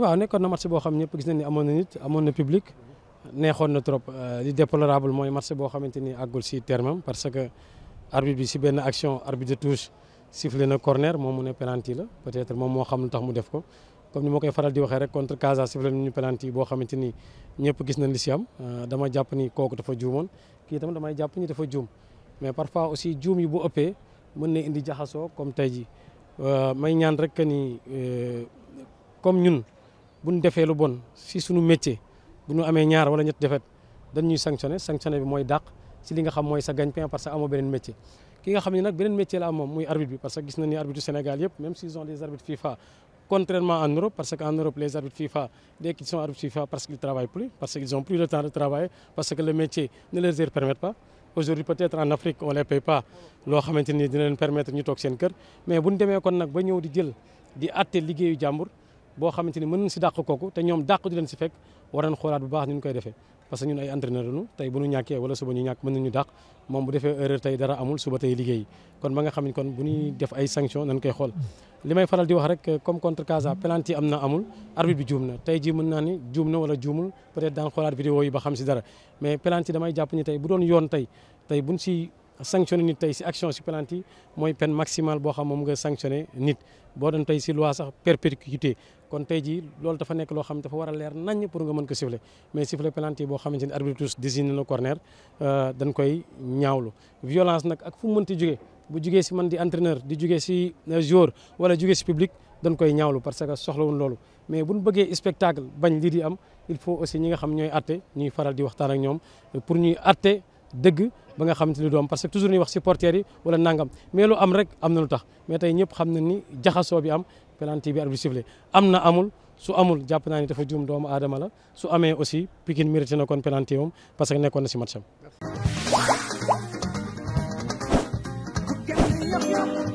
waaw nekkoon na match boo xam ñëpp gis nañ ni amoon na nit amoon na public neexoon na trop euh, li déplorable mooy match boo xamante ni àggul si terme parce que arbitre bi si benn action arbitre de touche sifflé na corner moom mu ne penalty la peut-être moom moo xam lu tax mu def ko comme ni ma koy faral di waxee rek contre Casa sifflé nañu penalty boo xamante ni ñëpp gis nañ li si am euh, dama jàpp ni kooku dafa juumoon kii itam damay jàpp ni dafa juum juum mën na indi jaxasoo comme tey ji euh, may ñaan rek ni euh, comme ñun buñ defee lu bon si suñu métier bu ñu amee ñaar wala ñett defet dañ ñuy sanctionné sanctionné bi mooy dàq si li nga xam mooy sa gagne-pain parce que amoo beneen métier ki nga xam ne nag beneen métier la am moom muy bi parce que gis nañ ni arbitre du Sénégal yëpp même s'ils ont des arbitres FIFA contrairement en Europe parce qu'en Europe les arbitres FIFA dès qu'ils sont arbitres FIFA parce que le métier ne aujourd'hui peut-être en Afrique on les paye loo xamante ni dina leen permettre ñu toog seen kër mais bu ñu demee kon nag ba ñëw di jël di àtte liggéeyu jàmbur boo xamante ni mën nañ si dàq kooku te ñoom dàq di leen si fekk war nañ xoolaat bu baax ñu koy defee parce que ñun ay entraîneur lañu tey bu ñu ñàkkee wala suba ñu ñàkk mën nañu dàq moom bu defee erreur tey dara amul suba tey liggéey kon ba nga xam ne kon bu ñuy def ay sanction nañ koy xool li may faral di wax rek euh, comme contre Casa penalty am na amul arbitre bi juum na tey jii mën naa ni juum na wala juumul peut-être daan xoolaat vidéo yi ba xam si dara mais penalty damay jàpp ni tey bu doon yoon tey tey buñ si sanctionné nit tey si action si penalty mooy peine maximale boo xam moom nga sanctionné nit boo doon tey si loi sax perpétuité kon tey jii loolu dafa nekk loo xam dafa war a leer nañ pour nga mën ko siffler mais siffler penalty boo xamante ni arbitre tous désigné na corner euh, dañ koy ñaawlu violence nag ak fu mu mënti jógee bu jugee si man di entraîneur di jugee si euh, joueur wala jugee si public dañ koy ñaawlu parce que soxla soxlawul loolu mais bu ñu bëggee spectacle bañ lii di am il faut aussi ñi nga xam ñooy atte ñuy faral di waxtaan ak ñoom euh, pour ñuy atte dëgg ba nga xam te ni doom parce que toujours ñuy wax si yi wala nangam mais lu am rek am na lu tax mais tey ñëpp xam na ni jaxasoo bi am penalty bi arbitre sifflé am na amul su amul jàpp naa ni dafa juum doomu aadama la su amee aussi Pikine mérité na kon penalty moom parce que nekkoon na Thank you.